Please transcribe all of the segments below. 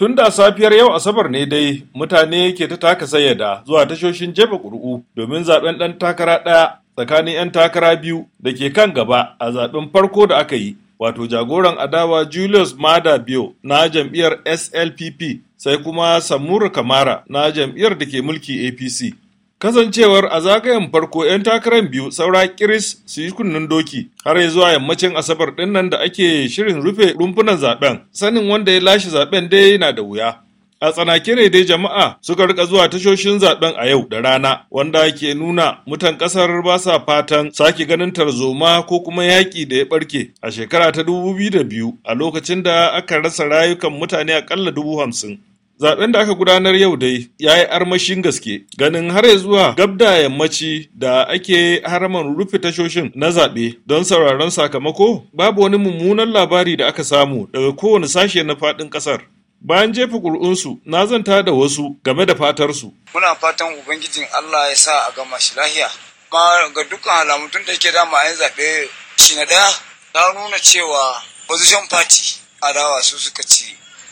Tun da safiyar yau Asabar ne dai mutane ke ta taka sayyada zuwa tashoshin jefa ƙuri'u domin zaɓen ɗan takara ɗaya tsakanin 'yan takara biyu da ke kan gaba a zaɓen farko da aka yi, wato jagoran adawa Julius Mada Bio na jam'iyyar SLPP sai kuma Samura Kamara na jam'iyyar da ke mulki APC. kasancewar a zagayen farko 'yan takarar biyu saura kiris su yi kunnen doki har ya zuwa yammacin asabar din da ake shirin rufe rumfunan zaben sanin wanda ya lashe zaben dai na da wuya a tsanake ne dai jama'a suka rika zuwa tashoshin zaben a yau da rana wanda ke nuna mutan kasar ba sa fatan sake ganin tarzoma ko kuma yaƙi da ya barke a shekara ta biyu, a lokacin da aka rasa rayukan mutane akalla dubu hamsin Zaɓen da aka gudanar yau dai ya yi armashin gaske ganin har ya zuwa gab yammaci da ake haraman rufe tashoshin na zaɓe don sauraron sakamako babu wani mummunan labari da aka samu daga kowane sashe na faɗin ƙasar. Bayan jefa ƙuri'unsu na zanta da wasu game da fatarsu. Muna fatan Ubangijin Allah ya sa a gama shi lahiya. Ma ga dukkan alamu tun da yake dama yin zaɓe shi na ɗaya ta nuna cewa position party adawa su suka ci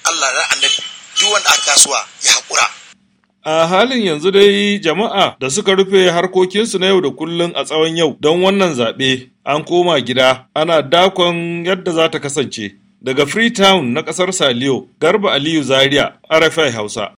Allah da annabi duk a kasuwa ya haƙura. A halin yanzu dai jama'a da suka rufe harkokinsu na yau da kullum a tsawon yau don wannan zaɓe an koma gida ana dakon yadda za ta kasance. Daga Freetown na ƙasar Saliyo, Garba Aliyu Zaria, RFI Hausa.